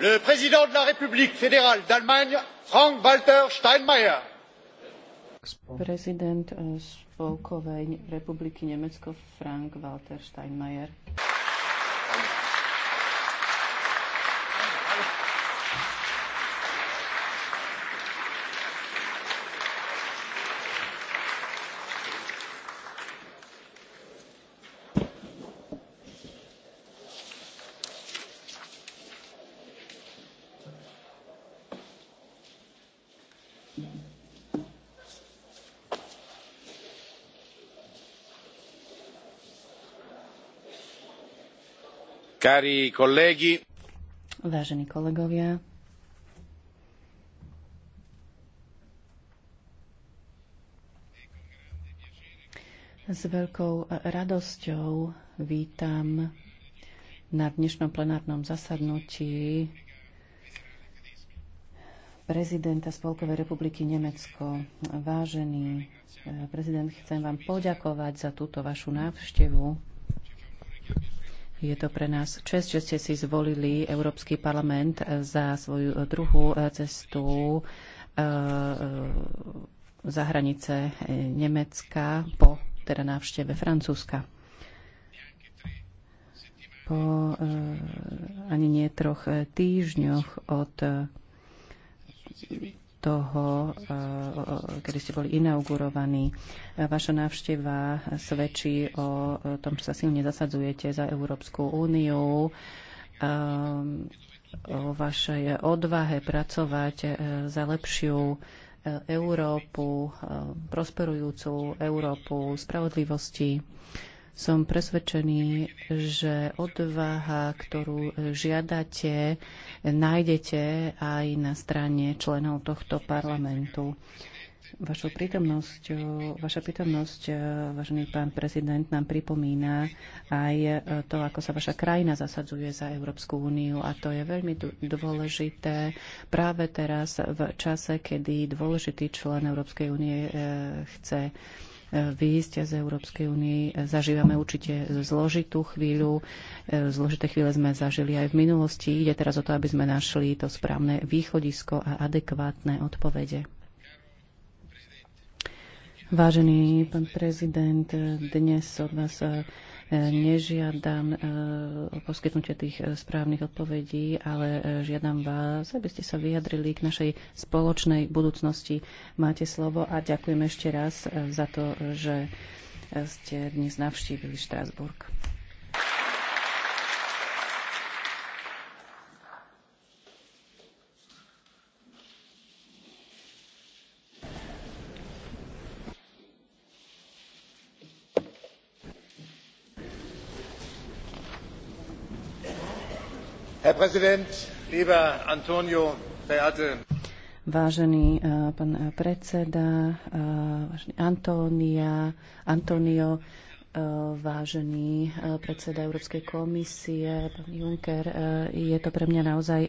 le président de la République fédérale d'Allemagne, Frank Walter Steinmeier. Prezident eh, Spolkovej republiky Nemecko Frank Walter Steinmeier. Cari colleghi, Vážení kolegovia, s veľkou radosťou vítam na dnešnom plenárnom zasadnutí prezidenta Spolkovej republiky Nemecko. Vážený e, prezident, chcem vám poďakovať za túto vašu návštevu. Je to pre nás čest, že ste si zvolili Európsky parlament za svoju druhú e, cestu e, za hranice Nemecka po teda návšteve Francúzska po ani nie troch týždňoch od toho, eh, kedy ste boli inaugurovaní. Vaša návšteva svedčí o tom, že sa silne zasadzujete za Európsku úniu, eh, o vašej odvahe pracovať eh, za lepšiu Európu, prosperujúcu Európu spravodlivosti. Som presvedčený, že odvaha, ktorú žiadate, nájdete aj na strane členov tohto parlamentu. Vašou prítomnosť, vaša prítomnosť, eh, vážený pán prezident, nám pripomína aj eh, to, ako sa vaša krajina zasadzuje za Európsku úniu a to je veľmi dôležité práve teraz v čase, kedy dôležitý člen Európskej únie eh, chce výjsť z Európskej únie. Zažívame určite zložitú chvíľu. Zložité chvíle sme zažili aj v minulosti. Ide teraz o to, aby sme našli to správne východisko a adekvátne odpovede. Vážený pán prezident, dnes od vás Nežiadam eh, o poskytnutie tých eh, správnych odpovedí, ale eh, žiadam vás, aby ste sa vyjadrili k našej spoločnej budúcnosti. Máte slovo a ďakujem ešte raz za to, že ste dnes navštívili Štrásburg. Herr Präsident, lieber Antonio, verehrte Vážený eh, pán eh, predseda, eh, vážený Antonio, vážený predseda Európskej komisie, pán Juncker, je to pre mňa naozaj